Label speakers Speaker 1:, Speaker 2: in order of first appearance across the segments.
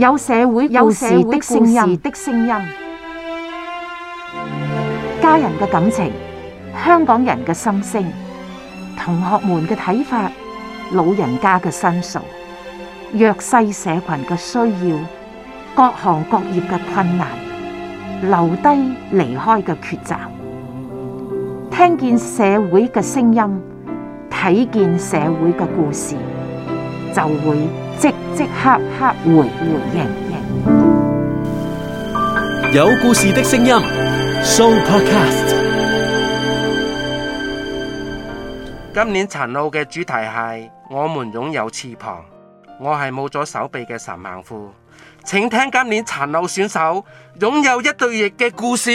Speaker 1: 有社會有事的聲音，的聲音，家人嘅感情，香港人嘅心聲，同學們嘅睇法，老人家嘅申訴，弱勢社群嘅需要，各行各業嘅困難，留低離開嘅抉擇，聽見社會嘅聲音，睇見社會嘅故事，就會。即即刻刻回回應，有故事的聲音，So Podcast。
Speaker 2: 今年殘奧嘅主題係，我們擁有翅膀，我係冇咗手臂嘅神萬富，請聽今年殘奧選手擁有一對翼嘅故事。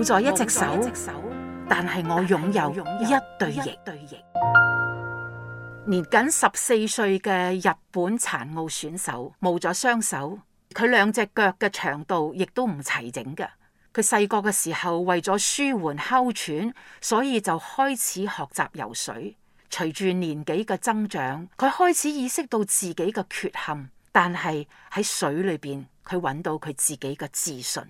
Speaker 1: 冇咗一隻手，但係我，我擁有一對翼。年僅十四歲嘅日本殘奧選手，冇咗雙手，佢兩隻腳嘅長度亦都唔齊整嘅。佢細個嘅時候為咗舒緩哮喘，所以就開始學習游水。隨住年紀嘅增長，佢開始意識到自己嘅缺陷，但係喺水裏邊，佢揾到佢自己嘅自信。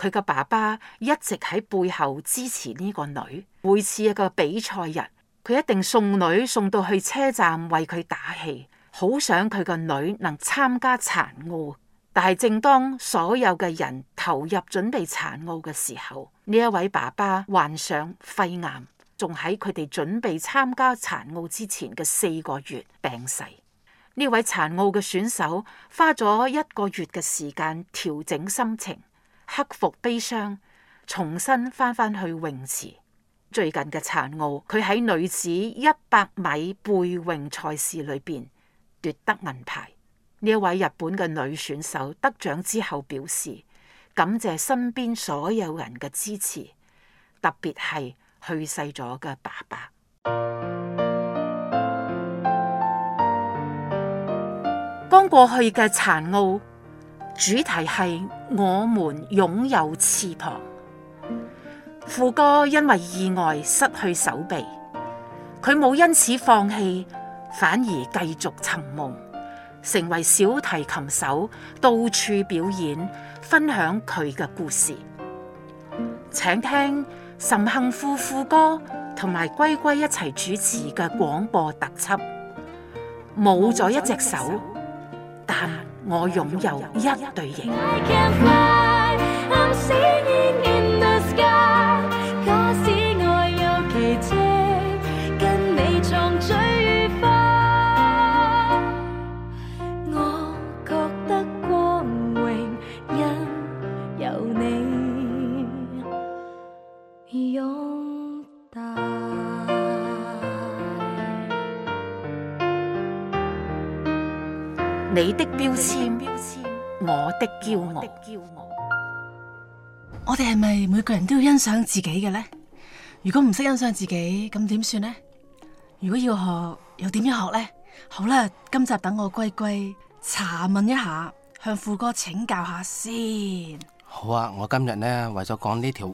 Speaker 1: 佢嘅爸爸一直喺背後支持呢個女，每次一個比賽日，佢一定送女送到去車站為佢打氣，好想佢個女能參加殘奧。但係正當所有嘅人投入準備殘奧嘅時候，呢一位爸爸患上肺癌，仲喺佢哋準備參加殘奧之前嘅四個月病逝。呢位殘奧嘅選手花咗一個月嘅時間調整心情。克服悲傷，重新翻返去泳池。最近嘅殘奧，佢喺女子一百米背泳賽事裏邊奪得銀牌。呢位日本嘅女選手得奬之後表示，感謝身邊所有人嘅支持，特別係去世咗嘅爸爸。當 過去嘅殘奧。主題係我們擁有翅膀。富哥因為意外失去手臂，佢冇因此放棄，反而繼續尋夢，成為小提琴手，到處表演，分享佢嘅故事。請聽岑幸富、富哥同埋龜龜一齊主持嘅廣播特輯。冇咗一隻手，但。我擁有一對翼。I can 你的標籤，我的驕傲。
Speaker 3: 我哋係咪每個人都要欣賞自己嘅呢？如果唔識欣賞自己，咁點算呢？如果要學，又點樣學呢？好啦，今集等我歸歸查問一下，向富哥請教下先。
Speaker 2: 好啊，我今日呢，為咗講呢條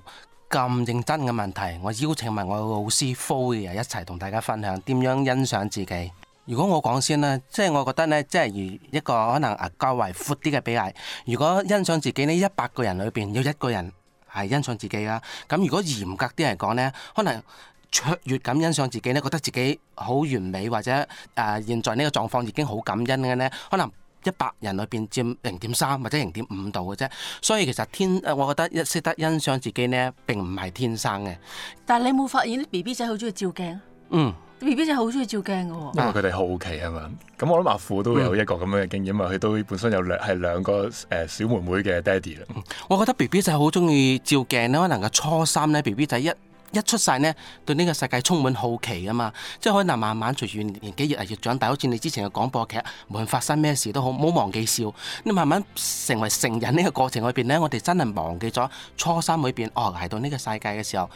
Speaker 2: 咁認真嘅問題，我邀請埋我老師傅嘅一齊同大家分享點樣欣賞自己。如果我講先啦，即係我覺得咧，即係如一個可能啊較為闊啲嘅比例，如果欣賞自己呢，一百個人裏邊有一個人係欣賞自己啦。咁如果嚴格啲嚟講咧，可能卓越咁欣賞自己咧，覺得自己好完美或者啊、呃、現在呢個狀況已經好感恩嘅咧，可能一百人裏邊佔零點三或者零點五度嘅啫。所以其實天，我覺得一識得欣賞自己咧，並唔係天生嘅。
Speaker 3: 但係你冇發現 BB 仔好中意照鏡？嗯。B B 仔好中意照鏡嘅喎、哦，因為
Speaker 4: 佢哋好奇啊嘛，咁我諗阿父都有一個咁樣嘅經驗啊。佢、嗯、都本身有兩係兩個誒、呃、小妹妹嘅爹哋啦。
Speaker 2: 我覺得 B B 仔好中意照鏡咧，可能個初三呢 B B 仔一一出世呢，對呢個世界充滿好奇啊嘛，即係可能慢慢隨住年，年紀越嚟越長大，好似你之前嘅廣播劇，無論發生咩事都好，唔好忘記笑。你慢慢成為成人呢個過程裏邊呢，我哋真係忘記咗初三裏邊哦，嚟到呢個世界嘅時候。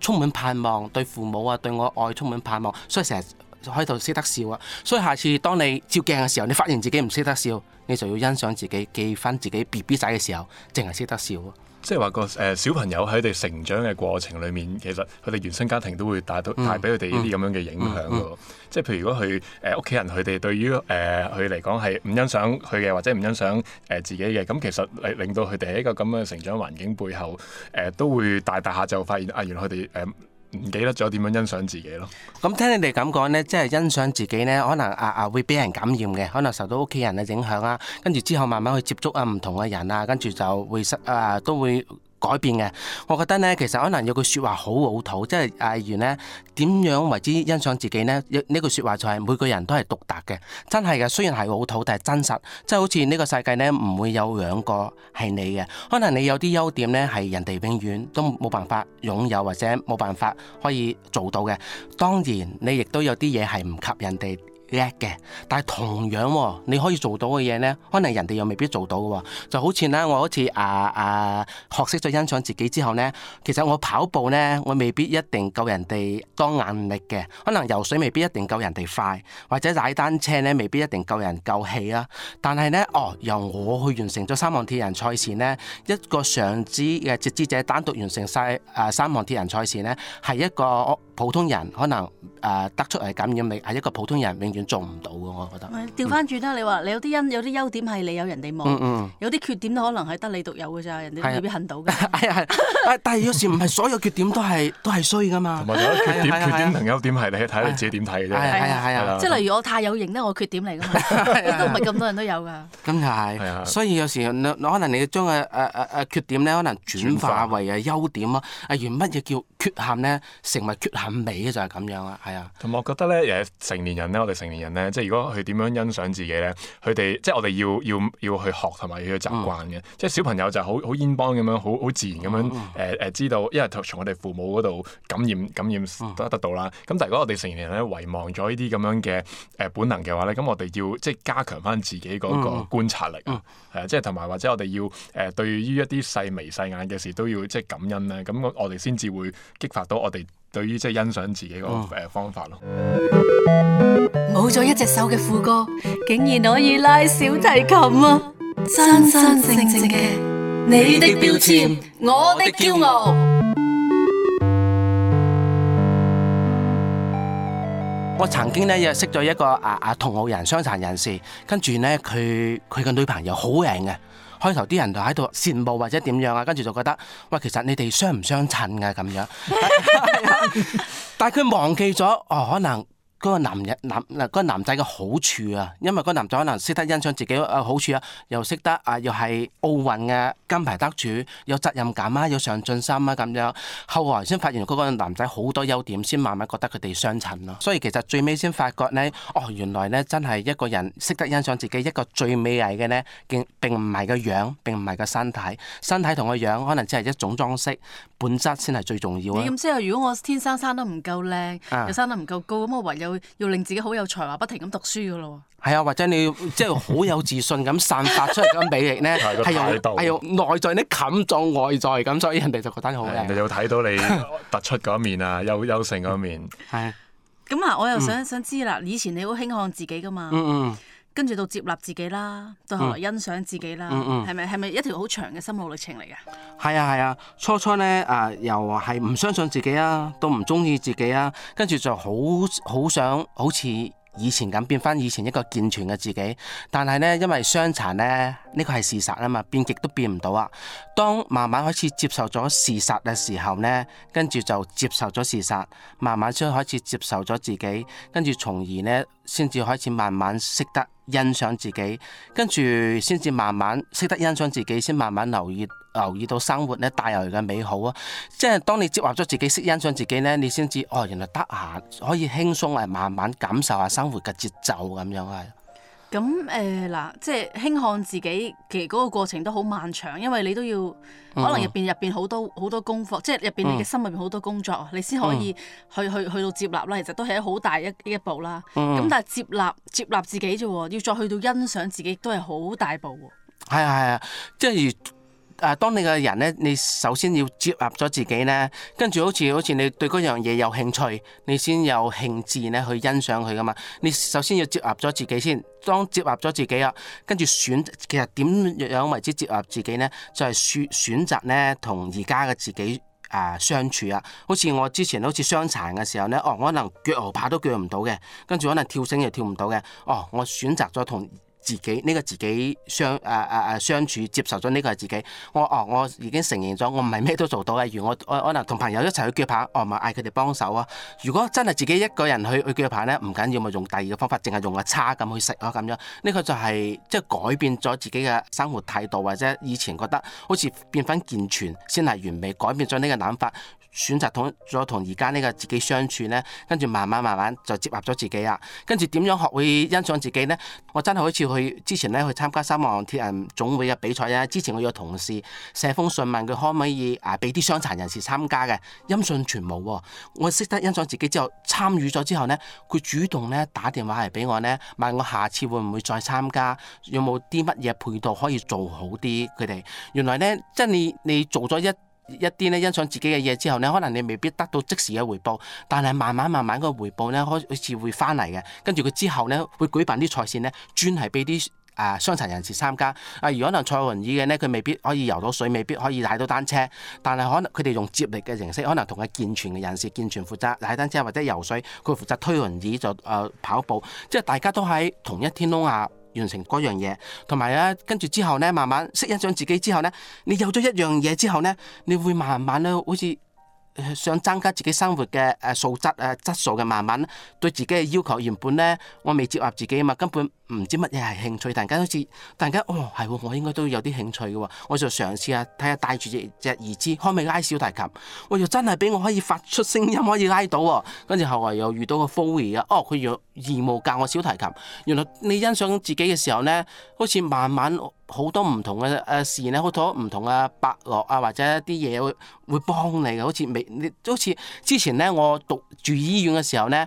Speaker 2: 充滿盼望，對父母啊，對我愛充滿盼望，所以成日喺度識得笑啊！所以下次當你
Speaker 4: 照鏡嘅時候，你發現自己唔識得笑，你就
Speaker 2: 要欣賞自己，記翻自己 BB 仔嘅時候，
Speaker 4: 淨係識得笑。即係話個誒小朋友喺佢哋成長嘅過程裡面，其實佢哋原生家庭都會帶到帶俾佢哋呢啲咁樣嘅影響咯。嗯嗯嗯嗯、即係譬如如果佢誒屋企人佢哋對於誒佢嚟講係唔欣賞佢嘅，或者唔欣賞誒、呃、自己嘅，咁其實令到佢哋喺一個咁樣嘅成長環境背後，誒、呃、都會大大下就發現啊、呃，原來佢哋誒。呃唔記得咗點樣欣賞自己咯。咁
Speaker 2: 聽你哋咁講呢，即係欣賞自己呢，可能啊啊會俾人感染嘅，可能受到屋企人嘅影響啊，跟住之後慢慢去接觸啊唔同嘅人啊，跟住就會失啊都會改變嘅，我覺得咧，其實可能有句説話好老土，即係例如咧，點樣為之欣賞自己呢？呢句説話就係、是、每個人都係獨特嘅，真係嘅。雖然係老土，但係真實，即係好似呢個世界咧，唔會有兩個係你嘅。可能你有啲優點咧，係人哋永遠都冇辦法擁有或者冇辦法可以做到嘅。當然，你亦都有啲嘢係唔及人哋。叻嘅，但係同樣、哦，你可以做到嘅嘢呢，可能人哋又未必做到嘅、哦。就好似咧，我好似啊啊，學識咗欣賞自己之後呢，其實我跑步呢，我未必一定夠人哋當眼力嘅，可能游水未必一定夠人哋快，或者踩單車呢未必一定夠人夠氣啊。但係呢，哦，由我去完成咗三項鐵人賽事呢，一個上肢嘅截肢者單獨完成曬誒、啊、三項鐵人賽事呢，係一個。普通人可能誒得出嚟感染你係一個普通人，永遠做唔到嘅。我
Speaker 3: 覺得調翻轉啦，你話你有啲因有啲優點係你有人哋冇，有啲缺點可能係得你獨有嘅咋，人哋未必肯到
Speaker 2: 嘅。係係，但係有時唔係所有缺點都係都係衰㗎嘛。同埋
Speaker 4: 有啲缺點，缺點同優點係你
Speaker 2: 睇你自己點睇嘅啫。係係係啊！即係例
Speaker 3: 如我太有型咧，我缺點嚟㗎嘛，都唔係咁多人都有㗎。
Speaker 2: 咁就係，所以有時可能你將嘅誒誒誒缺點咧，可能轉化為誒優點咯。誒原乜嘢叫缺陷咧？成為
Speaker 4: 缺陷。五味就係咁樣啦，係啊。同埋我覺得咧，誒成年人咧，我哋成年人咧，即係如果佢點樣欣賞自己咧，佢哋即係我哋要要要去學同埋要去習慣嘅。嗯、即係小朋友就好好煙幫咁樣，好好自然咁樣誒誒，知道，因為從我哋父母嗰度感染感染得得到啦。咁、嗯、但係如果我哋成年人咧遺忘咗呢啲咁樣嘅誒本能嘅話咧，咁我哋要即係加強返自己嗰個觀察力啊。啊、嗯嗯呃，即係同埋或者我哋要誒、呃、對於一啲細眉細眼嘅事都要即係感恩咧。咁我我哋先至會激發到我哋。對於即係欣賞自己個誒方法咯，
Speaker 3: 冇咗、哦、 一隻手嘅副歌竟然可以拉小提琴啊！真真正正嘅，你的標籤，我的驕傲。
Speaker 2: 我曾經咧又識咗一個啊啊同路人傷殘人士，跟住咧佢佢嘅女朋友好靚嘅、啊。開頭啲人就喺度羨慕或者點樣啊，跟住就覺得喂，其實你哋相唔相襯嘅、啊、咁樣， 但係佢忘記咗、哦、可能。嗰個男人男嗱，嗰、那個男仔嘅好處啊，因為嗰個男仔可能識得欣賞自己啊好處啊，又識得啊又係奧運嘅、啊、金牌得主，有責任感啊，有上進心啊咁樣，後來先發現嗰個男仔好多優點，先慢慢覺得佢哋相襯咯。所以其實最尾先發覺呢，哦，原來呢真係一個人識得欣賞自己一個最美麗嘅呢。並唔係個樣，並唔係個身體，身體同個樣可能只係一種裝飾，本質先係最重要啊！你咁
Speaker 3: 即係如果我天生生得唔夠靚，又生得唔夠高，咁我唯有。要令自己好有才華，不停咁讀書噶咯喎。
Speaker 2: 係啊，或者你要即係好有自信咁散發出嚟嘅魅力咧，係由係內在
Speaker 4: 咧，冚藏外在咁，所以人哋就覺得好人哋、啊、要睇到你突出嗰面啊，有有 成嗰一面。
Speaker 3: 係。咁啊，我又想、嗯、想知啦，以前你好輕看自己噶嘛。嗯,嗯嗯。跟住到接納自己啦，到後來欣賞自己啦，係咪係咪一條好長嘅心路歷程嚟㗎？
Speaker 2: 係啊係啊，初初呢誒、呃，又話係唔相信自己啊，都唔中意自己啊，跟住就好好想好似以前咁變翻以前一個健全嘅自己。但係呢，因為傷殘呢，呢、呢個係事實啊嘛，變極都變唔到啊。當慢慢開始接受咗事實嘅時候呢，跟住就接受咗事實，慢慢先開始接受咗自己，跟住從而呢，先至開始慢慢識得。欣賞自己，跟住先至慢慢識得欣賞自己，先慢慢留意留意到生活咧帶嚟嘅美好啊！即係當你接納咗自己，識欣賞自己呢，你先知哦，原來得閒可以輕鬆嚟慢慢感受下生活嘅節奏咁樣啊！
Speaker 3: 咁誒嗱，即係輕看自己，其實嗰個過程都好漫長，因為你都要可能入邊入邊好多好多功課，嗯、即係入邊你嘅心入邊好多工作，嗯、你先可以去去去到接納啦。其實都係一好大一一步啦。咁、嗯、但係接納接納自己啫，要再去到欣賞自己，都係好大步喎。
Speaker 2: 係啊係啊，即係、啊。啊！當你嘅人咧，你首先要接納咗自己咧，跟住好似好似你對嗰樣嘢有興趣，你先有興致咧去欣賞佢㗎嘛。你首先要接納咗自己先，當接納咗自己啊，跟住選其實點樣為之接納自己咧？就係選選擇咧同而家嘅自己啊相處啊。好似我之前好似傷殘嘅時候咧，哦，可能腳何跑都腳唔到嘅，跟住可能跳繩又跳唔到嘅，哦，我選擇咗同自己呢個自己相，誒誒誒相處，接受咗呢個係自己，我哦、啊、我已經承認咗，我唔係咩都做到，例如我我可能同朋友一齊去鋸扒，哦咪嗌佢哋幫手啊。如果真係自己一個人去去鋸扒呢，唔緊要咪用第二個方法，淨係用個叉咁去食囉咁樣。呢、呢個就係即係改變咗自己嘅生活態度，或者以前覺得好似變返健全先係完美，改變咗呢個諗法。選擇同咗同而家呢個自己相處呢，跟住慢慢慢慢就接納咗自己啦。跟住點樣學會欣賞自己呢？我真係好似去之前咧去參加三項鐵人總會嘅比賽啊！之前我有同事寫封信問佢可唔可以啊俾啲傷殘人士參加嘅，音信全無喎。我識得欣賞自己之後，參與咗之後呢，佢主動咧打電話嚟俾我呢，問我下次會唔會再參加，有冇啲乜嘢配套可以做好啲佢哋？原來呢，即係你你做咗一。一啲咧欣賞自己嘅嘢之後呢，可能你未必得到即時嘅回報，但係慢慢慢慢個回報呢，開始會翻嚟嘅。跟住佢之後呢，會舉辦啲賽事呢，專係俾啲誒傷殘人士參加。啊，如可能踩輪椅嘅呢，佢未必可以游到水，未必可以踩到單車。但係可能佢哋用接力嘅形式，可能同佢健全嘅人士健全負責踩單車或者游水，佢負責推輪椅就誒跑步。即係大家都喺同一天空下。完成嗰樣嘢，同埋咧，跟住之後咧，慢慢識欣賞自己之後咧，你有咗一樣嘢之後咧，你會慢慢咧，好似～想增加自己生活嘅誒素質誒質素嘅慢慢對自己嘅要求原本呢，我未接納自己嘛，根本唔知乜嘢係興趣。突然係今次突然間哦係，我應該都有啲興趣嘅。我就嘗試下睇下帶住隻隻兒子可唔可以拉小提琴，我又真係俾我可以發出聲音，可以拉到。跟住後嚟又遇到個傅 e 啊，哦佢有義務教我小提琴。原來你欣賞自己嘅時候呢，好似慢慢。好多唔同嘅誒事咧，好多唔同嘅伯樂啊，或者啲嘢會會幫你嘅。好似未你好似之前咧，我讀住醫院嘅時候咧，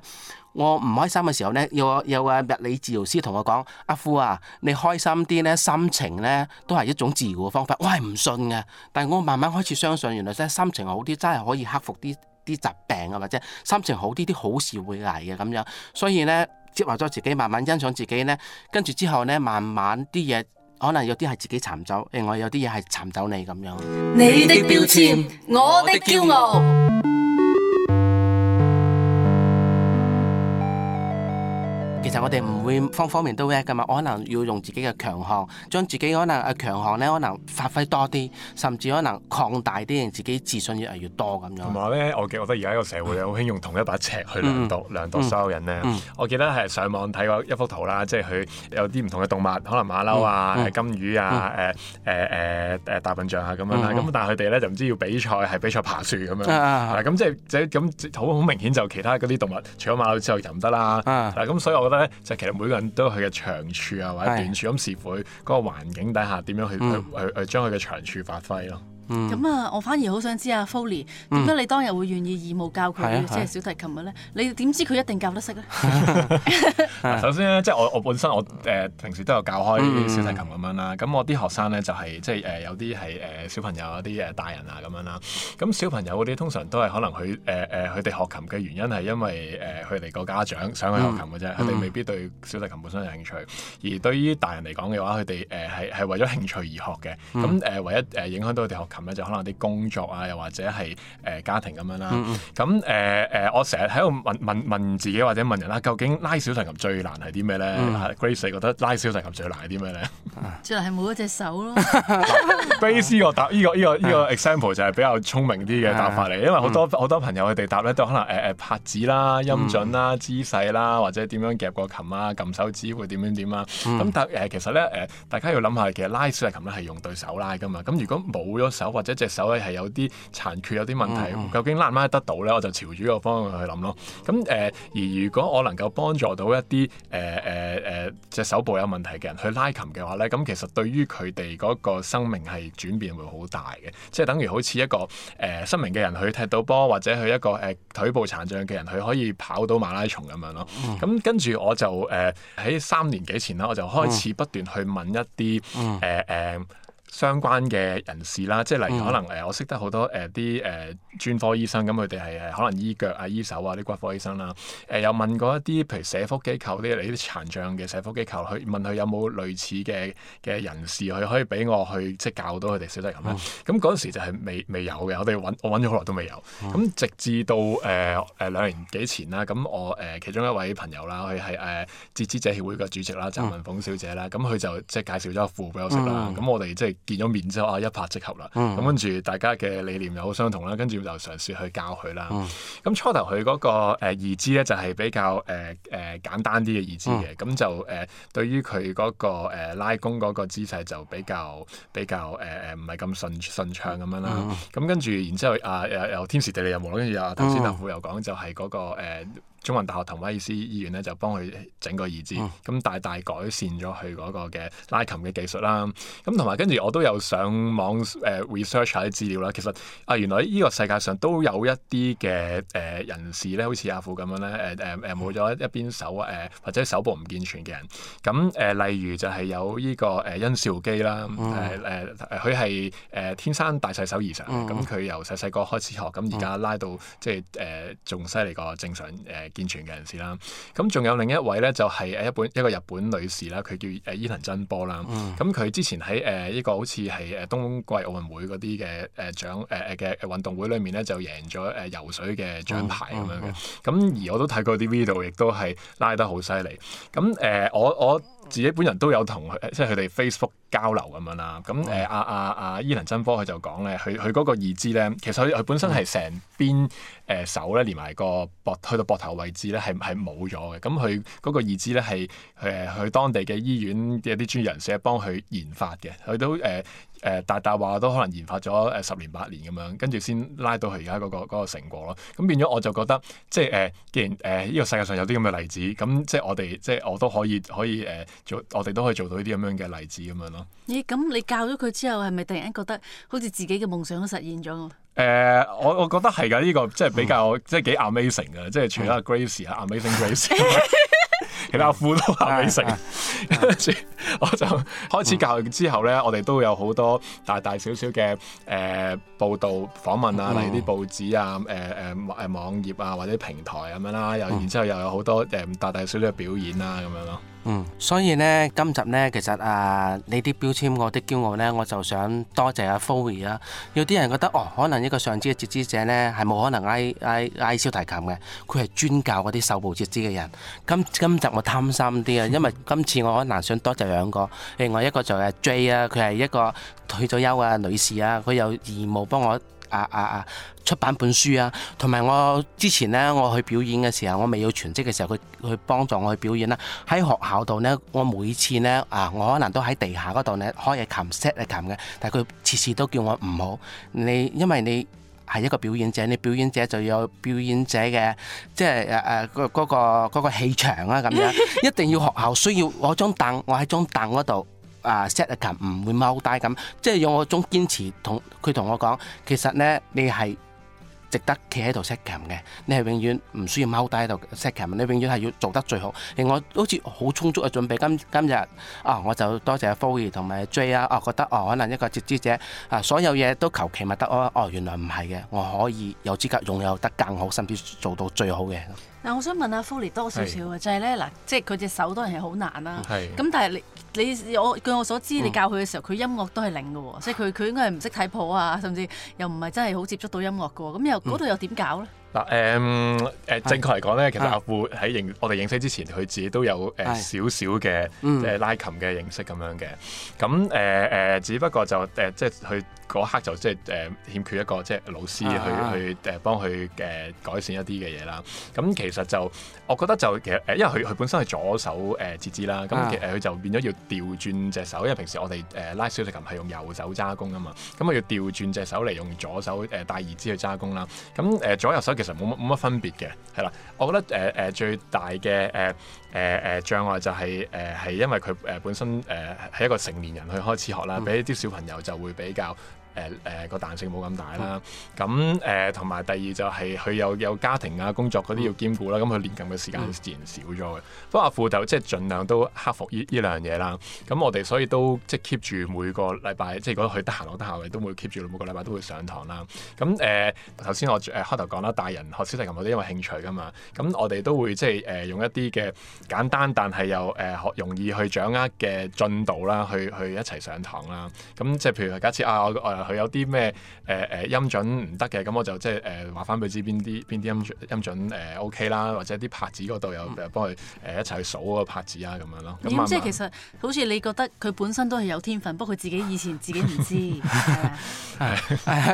Speaker 2: 我唔開心嘅時候咧，有個有個物理治療師同我講：阿夫啊，你開心啲咧，心情咧都係一種治療嘅方法。我係唔信嘅，但係我慢慢開始相信，原來真係心情好啲真係可以克服啲啲疾病啊，或者心情好啲啲好事會嚟嘅咁樣。所以咧，接納咗自己慢慢欣賞自己咧，跟住之後咧，慢慢啲嘢。可能有啲係自己尋走，另外有啲嘢係尋走你咁樣。
Speaker 3: 你的標籤，我的驕傲。
Speaker 2: 其實我哋唔會方方面面都叻噶嘛，我可能要用自己嘅強項，將自己可能嘅強項咧，可能發揮多啲，
Speaker 4: 甚至可能擴大啲，令自己自信越嚟越多咁樣。同埋咧，我覺得而家個社會好興用同一把尺去量度量度所有人咧。我記得係上網睇過一幅圖啦，即係佢有啲唔同嘅動物，可能馬騮啊、金魚啊、誒、誒、誒、誒大笨象啊咁樣。咁但係佢哋咧就唔知要比賽係比賽爬樹咁樣。咁即係即係咁好明顯就其他嗰啲動物，除咗馬騮之後就唔得啦。咁所以我覺得。就其實每個人都有佢嘅長處啊，或者短處，咁視是的 乎佢嗰個環境底下點樣去、嗯、去去將佢嘅長處發揮咯。咁、嗯、
Speaker 3: 啊，我反而好想知啊，Folly 點解你當日會願意義務教佢即係小提琴嘅咧？啊啊、你點知佢一定教得識咧？
Speaker 4: 首先咧，即係我我本身我誒、呃、平時都有教開小提琴咁樣啦。咁、嗯、我啲學生咧就係、是、即係誒、呃、有啲係誒小朋友，有啲誒大人啊咁樣啦。咁小朋友嗰啲通常都係可能佢誒誒佢哋學琴嘅原因係因為誒佢哋個家長想去學琴嘅啫，佢哋、嗯、未必對小提琴本身有興趣。而對於大人嚟講嘅話，佢哋誒係係為咗興趣而學嘅。咁誒、嗯、唯一誒影響到佢哋學琴。咁就可能啲工作啊，又或者係誒家庭咁樣啦。咁誒誒，我成日喺度問問問自己或者問人啦，究竟拉小提琴最難係啲咩咧？Grace 你覺得拉小提琴最難係啲咩咧？
Speaker 3: 啊、 最難係冇一隻手咯。
Speaker 4: Grace、 我答呢個、這個呢個呢個 example 就係比較聰明啲嘅答法嚟，嗯、因為好多好、嗯、多朋友佢哋答咧都可能誒誒、呃、拍子啦、音準啦、嗯、姿勢啦，或者點樣夾個琴啊、撳手指會點點點啊。咁、嗯嗯、但誒、呃呃、其實咧誒大家要諗下，其實拉小提琴咧係用對手拉㗎嘛。咁如果冇咗或者隻手咧係有啲殘缺、有啲問題，究竟拉唔拉得到咧？我就朝住個方向去諗咯。咁、嗯、誒、呃，而如果我能夠幫助到一啲誒誒誒隻手部有問題嘅人去拉琴嘅話咧，咁其實對於佢哋嗰個生命係轉變會好大嘅，即係等於好似一個誒失明嘅人去踢到波，或者佢一個誒、呃、腿部殘障嘅人佢可以跑到馬拉松咁樣咯。咁、嗯嗯、跟住我就誒喺、呃、三年幾前啦，我就開始不斷去問一啲誒誒。相關嘅人士啦，即係例如可能誒，我識得好多誒啲誒專科醫生，咁佢哋係誒可能醫腳啊、醫手啊啲骨科醫生啦。誒、呃、又問過一啲，譬如社福機構啲嚟啲殘障嘅社福機構去問佢有冇類似嘅嘅人士，佢可以俾我去即係教到佢哋少得咁樣。咁嗰陣時就係未未有嘅，我哋揾我揾咗好耐都未有。咁、嗯、直至到誒誒、呃、兩年幾前啦，咁我誒、呃、其中一位朋友啦，佢係誒截肢者協會嘅主席啦，習文鳳小姐啦，咁佢、嗯、就即係介紹咗個副俾我識啦。咁、嗯、我哋即係。見咗面之後啊，一拍即合啦。咁、嗯、跟住大家嘅理念又好相同啦，跟住就嘗試去教佢啦。咁、嗯、初頭佢嗰、那個、呃、二意姿咧就係、是、比較誒誒、呃呃、簡單啲嘅二姿嘅，咁、嗯、就誒、呃、對於佢嗰個、呃、拉弓嗰個姿勢就比較比較誒誒唔係咁順順暢咁樣啦。咁、嗯、跟住然之後啊誒又天時地利人和啦，跟住啊頭先阿富又講就係嗰、那個、呃呃呃中文大學同威爾斯醫院咧就幫佢整個義肢，咁、嗯、大大改善咗佢嗰個嘅拉琴嘅技術啦。咁同埋跟住我都有上網誒 research 下啲資料啦。其實啊，原來呢個世界上都有一啲嘅誒人士咧，好似阿父咁樣咧，誒誒誒冇咗一邊手啊，誒、呃、或者手部唔健全嘅人。咁、呃、誒，例如就係有呢個誒恩兆基啦，誒誒佢係誒天生大細手異常嘅。咁佢由細細個開始學，咁而家拉到即係誒仲犀利過正常誒。呃呃健全嘅人士啦，咁仲有另一位咧，就係、是、誒一本一個日本女士啦，佢叫誒伊藤真波啦，咁佢、嗯、之前喺誒呢個好似係誒冬季奧運會嗰啲嘅誒獎誒誒嘅運動會裏面咧，就贏咗誒、呃、游水嘅獎牌咁樣嘅，咁、嗯嗯嗯、而我都睇過啲 video，亦都係拉得好犀利，咁誒我我。我自己本人都有同佢，即係佢哋 Facebook 交流咁樣啦。咁誒阿阿阿伊能真科佢就講咧，佢佢嗰個義肢咧，其實佢佢本身係成邊誒手咧，連埋個膊去到膊頭位置咧，係係冇咗嘅。咁佢嗰個義肢咧係誒去當地嘅醫院嘅一啲專業人士幫佢研發嘅，佢都誒。呃誒、呃、大大話都可能研發咗誒、呃、十年八年咁樣，跟住先拉到佢而家嗰個成果咯。咁變咗我就覺得，即係誒、呃，既然誒呢、呃這個世界上有啲咁嘅例子，咁、嗯、即係我哋即係我都可以可以誒、呃、做，我哋都可以做到呢啲咁樣嘅例子咁樣咯。
Speaker 3: 咦、欸？咁你教咗佢之後，係咪突然間覺得好似自己嘅夢想都實現咗？誒、
Speaker 4: 欸，我我覺得係㗎，呢、這個即係比較、嗯、即係幾 amazing 㗎，即係除咗阿 Grace 啊，Amazing Grace。 其他褲都話未成，跟住、啊啊啊、 我就開始教育。之後咧，嗯、我哋都有好多大大小小嘅誒、呃、報道訪問啊，嗯、例如啲報紙啊、誒誒誒網頁啊，或者平台咁樣啦，又、嗯、然之後又有好多誒、呃、大大小小嘅表演啦、啊，咁樣
Speaker 2: 咯、啊。嗯，所以呢，今集呢，其實啊，呢、呃、你的標籤，我的驕傲呢，我就想多謝阿、啊、Fory 啊。有啲人覺得哦，可能一個上肢嘅截肢者呢，係冇可能拉拉拉小提琴嘅，佢係專教嗰啲手部截肢嘅人。今今集我貪心啲啊，因為今次我可能想多謝兩個，另外一個就係、啊、J 啊，佢係一個退咗休嘅女士啊，佢有義務幫我。啊啊啊！出版本書啊，同埋我之前咧我去表演嘅時候，我未有全職嘅時候，佢佢幫助我去表演啦、啊。喺學校度咧，我每次咧啊，我可能都喺地下嗰度咧開隻琴 set 隻琴嘅，但係佢次次都叫我唔好。你因為你係一個表演者，你表演者就有表演者嘅即係誒誒嗰個嗰、嗰個嗰個氣場啊咁樣，一定要學校需要我張凳，我喺張凳嗰度。啊、uh，set 琴唔會踎低咁，即係用我種堅持同佢同我講，其實咧你係值得企喺度 set 嘅，你係永遠唔需要踎低喺度 set cam，你永遠係要做得最好。另外好似好充足嘅準備，今今日啊、哦，我就多謝阿 Foley 同埋 Jay，啊，哦覺得哦可能一個接資者啊，所有嘢都求其咪得咯，哦原來唔係嘅，我可以有資格擁有得更好，甚至做到最好嘅。
Speaker 3: 嗱，我想問阿 Foley 多少少啊，是就係咧，嗱，即係佢隻手當然係好難啦、啊。咁，是但係你你，我據我所知，你教佢嘅時候，佢、嗯、音樂都係零嘅喎，即係佢佢應該係唔識睇譜啊，甚至又唔係真係好接觸到音樂嘅喎。咁又嗰度、嗯、又點搞咧？
Speaker 4: 嗱、嗯，誒、呃、誒正確嚟講咧，其實阿富喺影我哋認識之前，佢自己都有誒、呃、是少少嘅即係拉琴嘅認識咁樣嘅。咁誒誒，只不過就誒、呃、即係佢。嗰刻就即係誒欠缺一個即係老師去、uh huh. 去誒幫佢誒、呃、改善一啲嘅嘢啦。咁、嗯、其實就我覺得就其實誒，因為佢佢本身係左手誒截肢啦，咁誒佢就變咗要調轉隻手，因為平時我哋誒拉小提琴係用右手揸弓啊嘛，咁、嗯、啊要調轉隻手嚟用左手誒帶二指去揸弓啦。咁、嗯、誒左右手其實冇乜冇乜分別嘅，係啦。我覺得誒誒、呃、最大嘅誒誒誒障礙就係誒係因為佢誒本身誒係、呃、一個成年人去開始學啦，比啲小朋友就會比較。誒誒、呃、個彈性冇咁大啦，咁誒同埋第二就係佢有有家庭啊工作嗰、啊、啲、啊、要兼顧啦，咁佢練琴嘅時間自然少咗嘅。不過阿父就即、是、係盡量都克服呢依兩樣嘢啦。咁、啊、我哋所以都即係 keep 住每個禮拜，即係如果佢得閒我得閒，我哋都會 keep 住每個禮拜都會上堂啦。咁、啊、誒，頭先我誒開頭講啦，大人學小提琴嗰啲因為興趣㗎嘛，咁、啊、我哋都會即係誒用一啲嘅簡單但係又誒學容易去掌握嘅進度啦，去去一齊上堂啦。咁即係譬如假設啊,啊,啊,啊,啊,啊,啊,啊,啊我。佢有啲咩誒誒音準唔得嘅，咁我就即係誒話翻俾你知邊啲邊啲音準音準誒、呃、OK 啦，或者啲拍子嗰度又誒、嗯、幫佢誒、呃、一齊去數嗰個拍子啊，咁樣咯。咁即係其
Speaker 3: 實好似你覺得佢本身都係有天分，不過佢自己以前自己唔知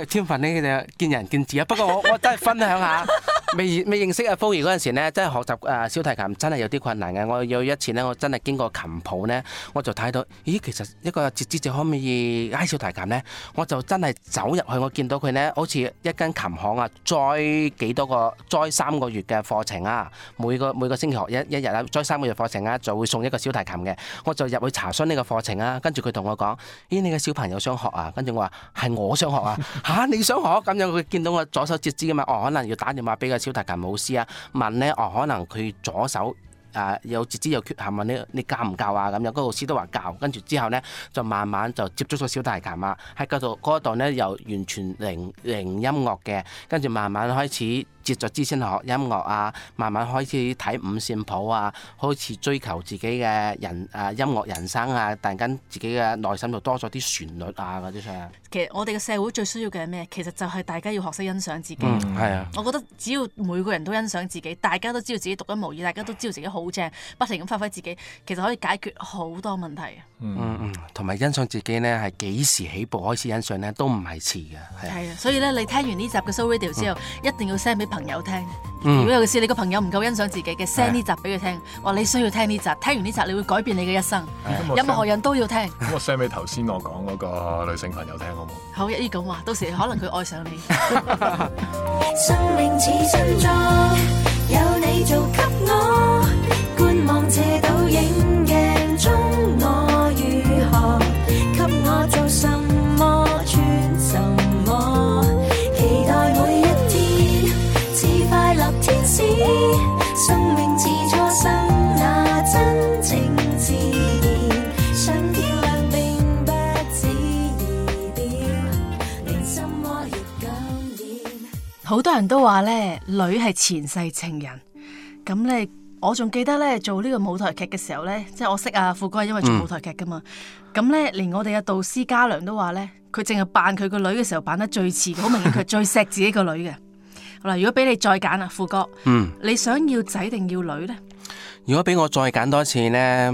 Speaker 2: 天分呢？見仁見智啊。不過我我，我真係分享下， 未未認識阿 Foy 嗰陣時呢，真係學習小提琴真係有啲困難嘅。我有一次呢，我真係經過琴譜呢，我就睇到咦，咦，其實一個指指者可唔可以拉小提琴呢？我就我真係走入去，我見到佢呢，好似一間琴行啊，栽幾多個，栽三個月嘅課程啊，每個每個星期學一一日啊，栽三個月課程啊，就會送一個小提琴嘅。我就入去查詢呢個課程啊，跟住佢同我講，咦，你個小朋友想學啊？跟住我話：係我想學啊，吓、啊、你想學？咁樣佢見到我左手截肢嘅嘛，我、哦、可能要打電話俾個小提琴老師啊，問呢我、哦、可能佢左手。誒有截肢有缺陷啊！問你你教唔教啊？咁樣嗰個老師都話教，跟住之後咧就慢慢就接觸咗小提琴啊！喺嗰度嗰度咧又完全零零音樂嘅，跟住慢慢開始。接着之前學音樂啊，慢慢開始睇五線譜啊，開始追求自己嘅人誒、啊、音樂人生啊，突然間自己嘅內心就多咗啲旋律啊嗰啲嘅。
Speaker 3: 其實我哋嘅社會最需要嘅係咩？其實就係大家要學識欣賞自己。嗯啊、我覺得只要每個人都欣賞自己，大家都知道自己獨一無二，大家都知道自己好正，不停咁發揮自己，其實可以解決好多問題。
Speaker 2: 同埋、嗯嗯、欣賞自己咧，係幾時起步開始欣賞咧，都唔係遲嘅。係啊、係
Speaker 3: 啊、所以咧，你聽完呢集嘅 show radio 之後，嗯、一定要 send 俾朋友聽，如果尤其是你個朋友唔夠欣賞自己嘅，send 呢集俾佢聽，話你需要聽呢集，聽完呢集你會改變你嘅一生，嗯、任何人都要聽。
Speaker 4: 咁我 send 俾頭先我講嗰個女性朋友聽好冇？
Speaker 3: 好，一於咁話，到時可能佢愛上你。
Speaker 1: 生命似
Speaker 3: 有你做。好多人都話咧，女係前世情人。咁咧，我仲記得咧，做呢個舞台劇嘅時候咧，即係我識阿、啊、富哥，係因為做舞台劇噶嘛。咁咧、嗯，連我哋嘅導師嘉良都話咧，佢淨係扮佢個女嘅時候扮得最似，好明顯佢最錫自己個女嘅。 好啦，如果俾你再揀啦，富哥，嗯、你想要仔定要女咧？
Speaker 2: 如果俾我再揀多一次咧，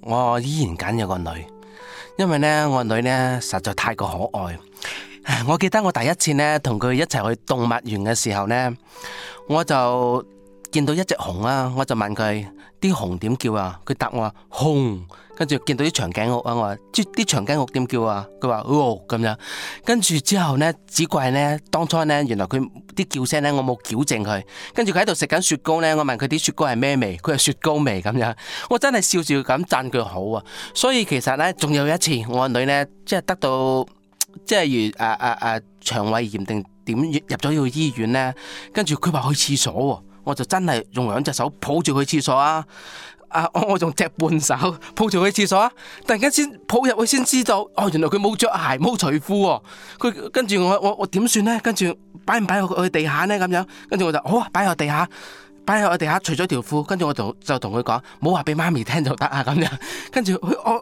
Speaker 2: 我依然揀有個女，因為咧我個女咧實在太過可愛。我記得我第一次呢同佢一齊去動物園嘅時候呢，我就見到一隻熊啊，我就問佢啲熊點叫啊，佢答我熊，跟住見到啲長頸鹿啊，我話啲長頸鹿點叫啊，佢話哦，咁樣，跟住之後呢，只怪呢當初呢，原來佢啲叫聲呢我冇矯正佢，跟住佢喺度食緊雪糕呢，我問佢啲雪糕係咩味，佢係雪糕味咁樣，我真係笑笑咁讚佢好啊，所以其實呢，仲有一次我女呢即係得到。即係如誒誒誒，啊啊啊、腸胃炎定點入咗呢個醫院咧？跟住佢話去廁所，我就真係用兩隻手抱住佢廁所啊！啊，我我仲隻半手抱住佢廁所啊！突然間先抱入去先知道，哦，原來佢冇着鞋冇除褲喎！佢跟住我我我點算咧？跟住擺唔擺去去地下咧？咁樣跟住我就好啊，擺、哦、落地下。擺喺我地下，除咗條褲，跟住我同就同佢講，唔好話俾媽咪聽就得啊咁樣，跟住去屙，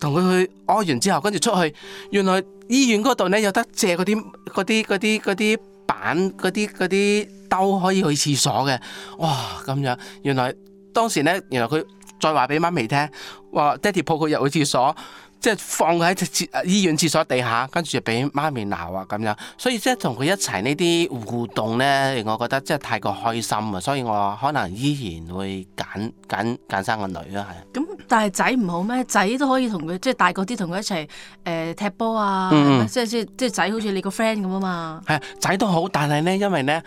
Speaker 2: 同佢去屙完之後，跟住出去，原來醫院嗰度咧有得借嗰啲啲啲啲板嗰啲啲兜可以去廁所嘅，哇咁樣，原來當時咧，原來佢再話俾媽咪聽話，爹哋抱佢入去廁所。即係放佢喺廁廁醫院廁所地下，跟住俾媽咪鬧啊咁樣，所以即係同佢一齊呢啲互動咧，我覺得即係太過開心啊！所以我可能依然會揀揀揀生個女咯，係。咁
Speaker 3: 但係仔唔好咩？仔都可以同佢即係大個啲同佢一齊誒、呃、踢波啊！即係即係即係仔好似你個 friend 咁啊嘛。
Speaker 2: 係啊，仔都好，但係咧，因為咧，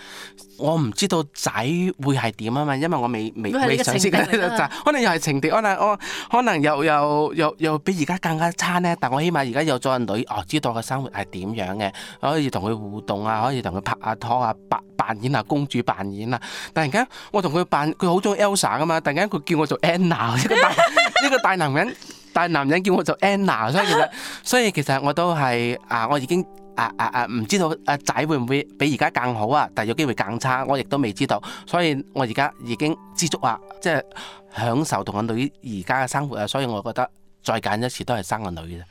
Speaker 2: 我唔知道仔會係點啊嘛，因為我未未未想知，可能又係情敵，可能我可能又又又又，又比而家更加。一餐咧，但我起碼而家有咗個女哦，知道個生活係點樣嘅，可以同佢互動啊，可以同佢拍下拖啊，扮扮演下公主扮演啊。突然間，我同佢扮，佢好中意 Elsa 噶嘛。突然間佢叫我做 Anna，一個大 一個大男人，大男人叫我做 Anna，所以其實，所以其實我都係啊，我已經啊啊啊唔知道阿仔會唔會比而家更好啊，但係有機會更差，我亦都未知道。所以我而家已經知足啊，即係享受同個女而家嘅生活啊。所以我覺得。再揀一次都係生個女嘅。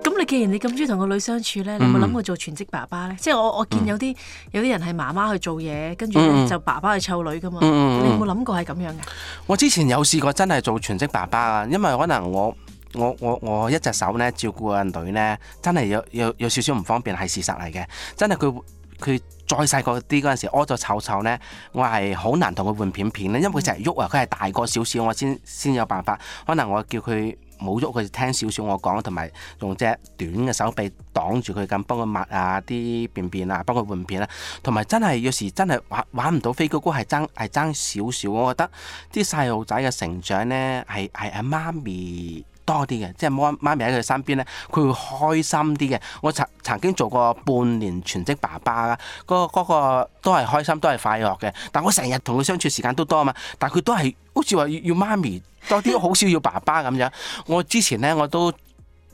Speaker 3: 咁你既然你咁中意同個女相處呢，你有冇諗過做全職爸爸呢？嗯、即係我我見有啲有啲人係媽媽去做嘢，跟住就爸爸去湊女噶嘛。嗯嗯嗯、你有冇諗過係咁樣嘅、啊？
Speaker 2: 我之前有試過真係做全職爸爸啊，因為可能我我我我一隻手咧照顧個女呢，真係有有有少少唔方便係事實嚟嘅。真係佢。佢再細個啲嗰陣時屙咗臭臭呢，我係好難同佢換片片咧，因為佢成日喐啊，佢係大個少少，我先先有辦法。可能我叫佢冇喐，佢聽少少我講，同埋用隻短嘅手臂擋住佢咁，幫佢抹啊啲便便啊，幫佢換片啦。同埋真係有時真係玩玩唔到飛高高，係爭係爭少少。我覺得啲細路仔嘅成長呢，係係阿媽咪。多啲嘅，即係冇媽咪喺佢身邊咧，佢會開心啲嘅。我曾曾經做過半年全職爸爸啊，嗰嗰個都係開心，都係快樂嘅。但我成日同佢相處時間都多啊嘛，但係佢都係好似話要媽咪多啲，好少要爸爸咁樣。我之前咧我都。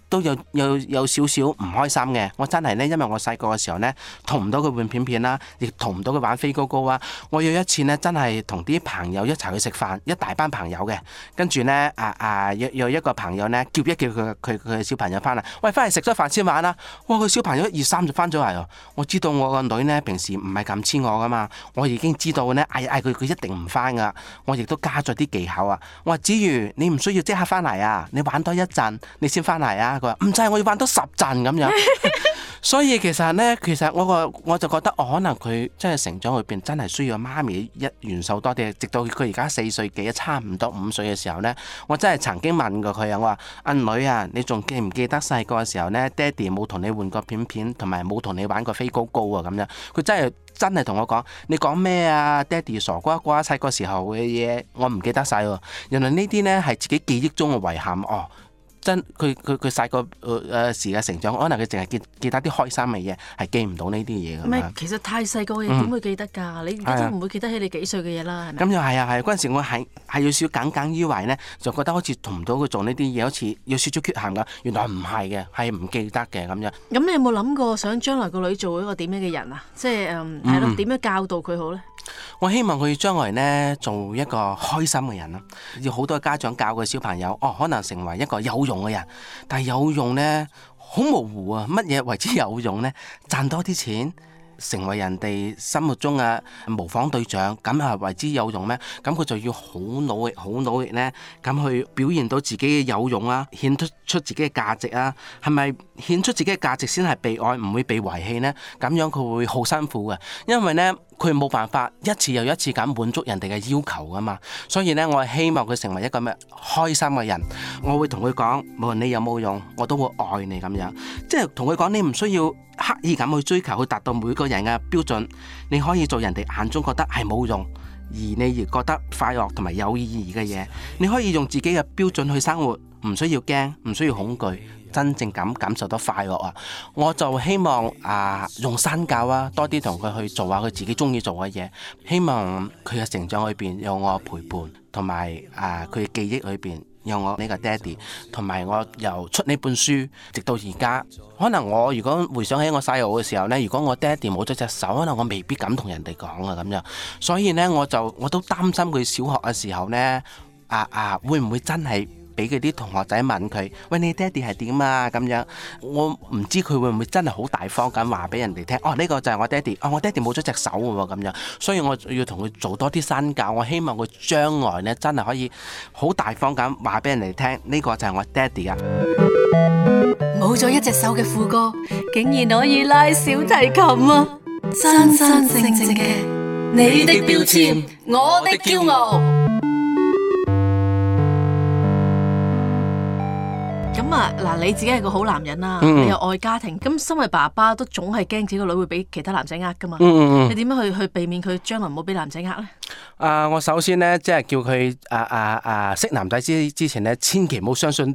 Speaker 2: 都有有有少少唔開心嘅，我真係呢，因為我細個嘅時候呢，同唔到佢換片片啦、啊，亦同唔到佢玩飛高高啊！我有一次呢，真係同啲朋友一齊去食飯，一大班朋友嘅，跟住呢，啊啊，有有一個朋友呢，叫一叫佢佢佢嘅小朋友翻嚟。喂，翻嚟食咗飯先玩啦、啊！哇，佢小朋友一二三就翻咗嚟喎！我知道我個女呢，平時唔係咁黐我噶嘛，我已經知道呢，嗌嗌佢佢一定唔翻噶，我亦都加咗啲技巧啊！我話子瑜，你唔需要即刻翻嚟啊，你玩多一陣，你先翻嚟啊！那個唔制，我要玩多十陣咁樣， 所以其實咧，其實我個我就覺得哦，可能佢真係成長裏邊真係需要媽咪一元素多啲。直到佢而家四歲幾，差唔多五歲嘅時候咧，我真係曾經問過佢啊，我話阿女啊，你仲記唔記得細個嘅時候咧，爹哋冇同你換過片片，同埋冇同你玩過飛高高啊咁樣。佢真係真係同我講，你講咩啊？爹哋傻瓜瓜，細個時候嘅嘢，我唔記得晒。原來呢啲咧係自己記憶中嘅遺憾哦。佢佢佢細個誒誒時嘅成長，可能佢淨係記記得啲開心嘅嘢，係記唔到呢啲嘢㗎。唔係，其
Speaker 3: 實太細個嘢點會記得㗎？嗯、你家姐唔會記得起你幾歲嘅嘢啦，係咪？咁又
Speaker 2: 係啊，係嗰陣時我係係有少耿耿於懷咧，就覺得好似同唔到佢做呢啲嘢，好似有少少缺陷㗎。原來唔係嘅，係唔記得嘅咁樣。
Speaker 3: 咁你有冇諗過想將來個女做一個點樣嘅人啊？即係誒，係咯、嗯，點樣教導佢好咧？
Speaker 2: 我希望佢將來呢，做一個開心嘅人啦。要好多家長教佢小朋友，哦，可能成為一個有用嘅人。但係有用呢，好模糊啊！乜嘢為之有用呢？賺多啲錢，成為人哋心目中嘅模仿對象，咁係為之有用咩？咁佢就要好努力，好努力呢，咁去表現到自己嘅有用啊，顯出出自己嘅價值啊。係咪顯出自己嘅價值先係被愛，唔會被遺棄呢？咁樣佢會好辛苦嘅，因為呢。佢冇辦法一次又一次咁滿足人哋嘅要求噶嘛，所以咧我係希望佢成為一個咩開心嘅人。我會同佢講，無論你有冇用，我都會愛你咁樣。即係同佢講，你唔需要刻意咁去追求去達到每個人嘅標準，你可以做人哋眼中覺得係冇用。而你亦覺得快樂同埋有意義嘅嘢，你可以用自己嘅標準去生活，唔需要驚，唔需要恐懼，真正噉感受到快樂啊！我就希望啊、呃，用身教啊，多啲同佢去做下佢自己中意做嘅嘢，希望佢嘅成長裏邊有我陪伴，同埋啊佢嘅記憶裏邊。我爸爸有我呢個爹哋，同埋我由出呢本書，直到而家，可能我如果回想起我細路嘅時候呢，如果我爹哋冇咗隻手，可能我未必敢同人哋講啊咁樣，所以呢，我就我都擔心佢小學嘅時候呢，啊啊會唔會真係？俾佢啲同學仔問佢，喂你爹哋係點啊？咁樣我唔知佢會唔會真係好大方咁話俾人哋聽。哦呢、呢個就係我爹哋。哦我爹哋冇咗隻手喎、啊、咁樣，所以我要同佢做多啲身教。我希望佢將來呢真係可以好大方咁話俾人哋聽。呢、呢個就係我爹哋啊！
Speaker 3: 冇咗一隻手嘅副歌，竟然可以拉小提琴啊！真真正正嘅你的標籤，的標籤我的驕傲。咁啊，嗱、嗯嗯、你自己係個好男人啦，你又愛家庭，咁身為爸爸都總係驚自己個女會俾其他男仔呃噶嘛？嗯嗯嗯，你點樣去去避免佢將來冇俾男仔呃呢？啊、呃，
Speaker 2: 我首先呢，即係叫佢、呃呃、啊啊啊識男仔之之前呢，千祈唔好相信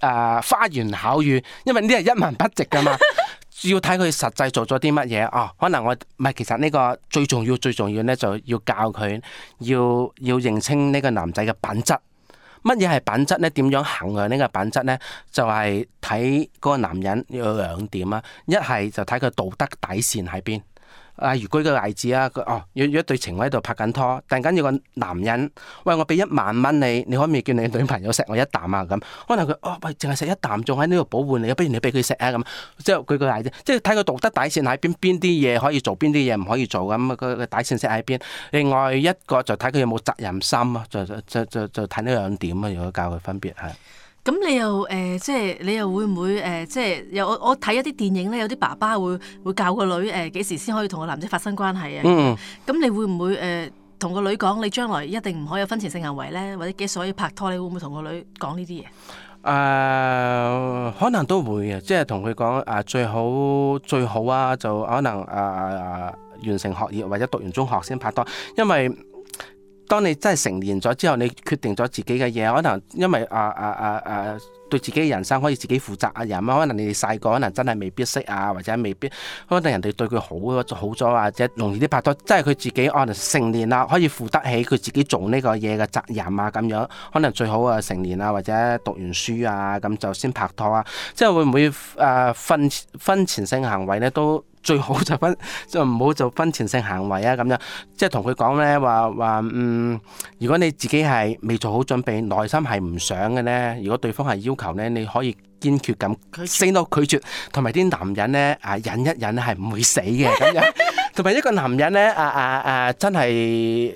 Speaker 2: 啊、呃、花言巧語，因為呢啲係一文不值噶嘛， 要睇佢實際做咗啲乜嘢。哦、啊，可能我唔係，其實呢個最重要最重要呢，就要教佢要要認清呢個男仔嘅品質。乜嘢係品質咧？點樣衡量呢個品質咧？就係睇嗰個男人有兩點啊，一係就睇佢道德底線喺邊。啊，如舉個例子啊，佢哦，若若對情侶喺度拍緊拖，突然間有個男人，喂，我俾一萬蚊你，你可唔可以叫你女朋友錫我一啖啊？咁可能佢哦，喂，淨係食一啖，仲喺呢度保護你，不如你俾佢錫啊。咁即係佢個例子，即係睇佢道德底線喺邊，邊啲嘢可以做，邊啲嘢唔可以做咁啊，佢嘅底線識喺邊。另外一個就睇佢有冇責任心啊，就就就就睇呢兩點啊，如果教佢分別係。
Speaker 3: 咁你又誒、呃，即係你又會唔會誒、呃，即係有我我睇一啲電影咧，有啲爸爸會會教個女誒幾、呃、時先可以同個男仔發生關係啊？咁、嗯、你會唔會誒同、呃、個女講你將來一定唔可以有婚前性行為咧，或者幾時可以拍拖？你會唔會同個女講呢啲嘢？誒、呃，
Speaker 2: 可能都會嘅，即係同佢講誒最好最好啊，就可能誒、啊啊啊啊、完成學業或者讀完中學先拍拖，因為。當你真係成年咗之後，你決定咗自己嘅嘢，可能因為啊啊啊啊對自己人生可以自己負責啊，人啊，可能你哋細個可能真係未必識啊，或者未必可能人哋對佢好好咗或者容易啲拍拖，即係佢自己可能成年啦，可以負得起佢自己做呢個嘢嘅責任啊，咁樣可能最好啊成年啊或者讀完書啊咁就先拍拖啊，即係會唔會誒婚婚前性行為咧都？最好就分就唔好做婚前性行為啊！咁樣即係同佢講咧，話話嗯，如果你自己係未做好準備，內心係唔想嘅咧，如果對方係要求咧，你可以堅決咁，死都拒絕，同埋啲男人咧啊，忍一忍係唔會死嘅咁樣。 同埋一個男人咧，啊啊啊，真係誒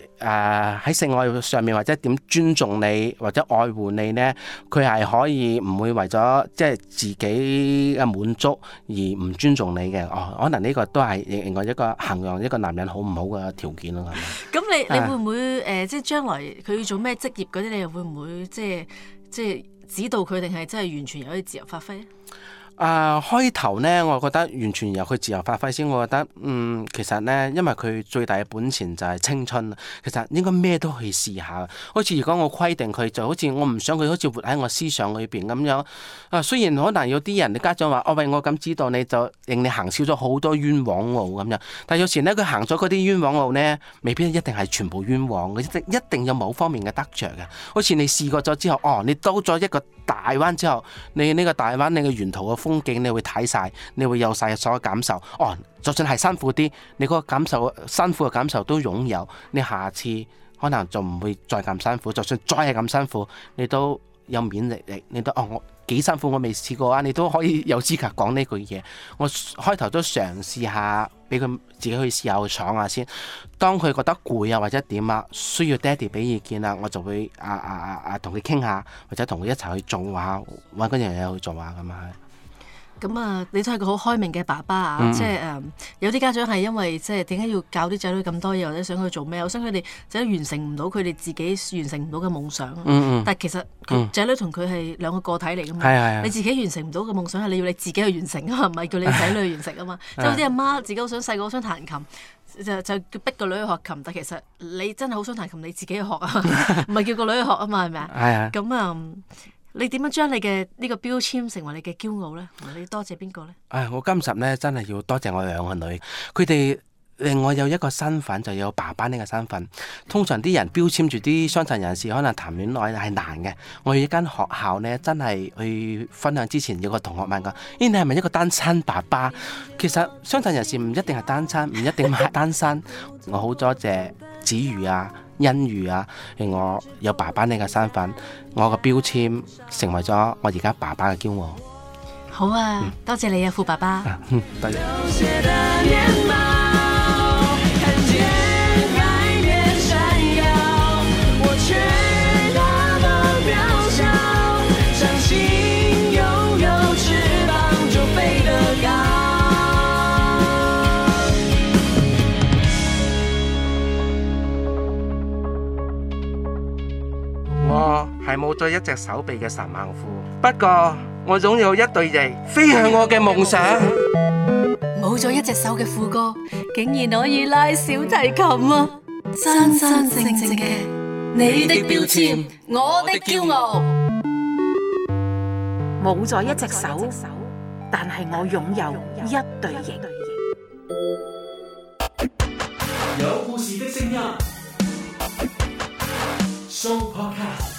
Speaker 2: 喺性愛上面或者點尊重你或者愛護你咧，佢係可以唔會為咗即係自己嘅滿足而唔尊重你嘅。哦，可能呢個都係另外一個衡量一個男人好唔好嘅條件啦，係嘛？
Speaker 3: 咁你你會唔會誒、啊，即係將來佢要做咩職業嗰啲，你又會唔會即係即係指導佢，定係真係完全由佢自由發揮？
Speaker 2: 啊、呃，開頭呢，我覺得完全由佢自由發揮先。我覺得，嗯，其實呢，因為佢最大嘅本錢就係青春，其實應該咩都可以試下。好似如果我規定佢，就好似我唔想佢，好似活喺我思想裏邊咁樣。啊，雖然可能有啲人你家長話，哦，喂，我為我咁知道，你就令你行少咗好多冤枉路咁樣。但有時呢，佢行咗嗰啲冤枉路呢，未必一定係全部冤枉，佢一,一定有某方面嘅得着嘅。好似你試過咗之後，哦，你兜咗一個大彎之後，你呢個大彎，你嘅沿途風景，你會睇晒，你會有曬所有感受。哦，就算係辛苦啲，你嗰個感受，辛苦嘅感受都擁有。你下次可能就唔會再咁辛苦。就算再係咁辛苦，你都有免疫力。你都哦，我幾辛苦，我未試過啊。你都可以有資格講呢句嘢。我開頭都嘗試下，俾佢自己去試下，去闖下先。當佢覺得攰啊，或者點啊，需要爹哋俾意見啦、啊，我就會啊啊啊啊，同佢傾下，或者同佢一齊去做下、啊，揾嗰樣嘢去做下咁啊。
Speaker 3: 咁啊，你都係個好開明嘅爸爸啊！即係誒，有啲家長係因為即係點解要教啲仔女咁多嘢，或者想佢做咩？我想佢哋仔女完成唔到佢哋自己完成唔到嘅夢想。嗯嗯。但係其實仔女同佢係兩個個體嚟㗎嘛。係啊係啊。你自己完成唔到嘅夢想係你要你自己去完成啊，唔係叫你仔女去完成啊嘛。即係啲阿媽自己好想細個好想彈琴，就就逼個女去學琴。但其實你真係好想彈琴，你自己去學啊，唔係叫個女去學啊嘛，係咪啊？係啊。咁啊～你點樣將你嘅呢個標籤成為你嘅驕傲咧？你多謝邊個呢？唉、
Speaker 2: 哎，我今集呢真係要多謝我兩個女，佢哋令我有一個身份，就有爸爸呢個身份。通常啲人標籤住啲傷殘人士，可能談戀愛係難嘅。我去一間學校呢，真係去分享之前有個同學問我：咦、哎，你係咪一個單親爸爸？其實傷殘人士唔一定係單親，唔一定係單身。單身 我好多謝子瑜啊！欣如啊，令我有爸爸呢個身份，我個標籤成為咗我而家爸爸嘅驕傲。
Speaker 3: 好啊，嗯、多謝你啊，富爸爸。
Speaker 2: 你 係冇咗一隻手臂嘅神行富，不過我總有一對翼飛向我嘅夢想。
Speaker 3: 冇咗一隻手嘅富哥，竟然可以拉小提琴啊！真真正正嘅，你的標籤，
Speaker 1: 我的驕傲。冇咗一隻手，但係我擁有一對翼。
Speaker 4: 有故事的聲
Speaker 1: 音，Show Podcast。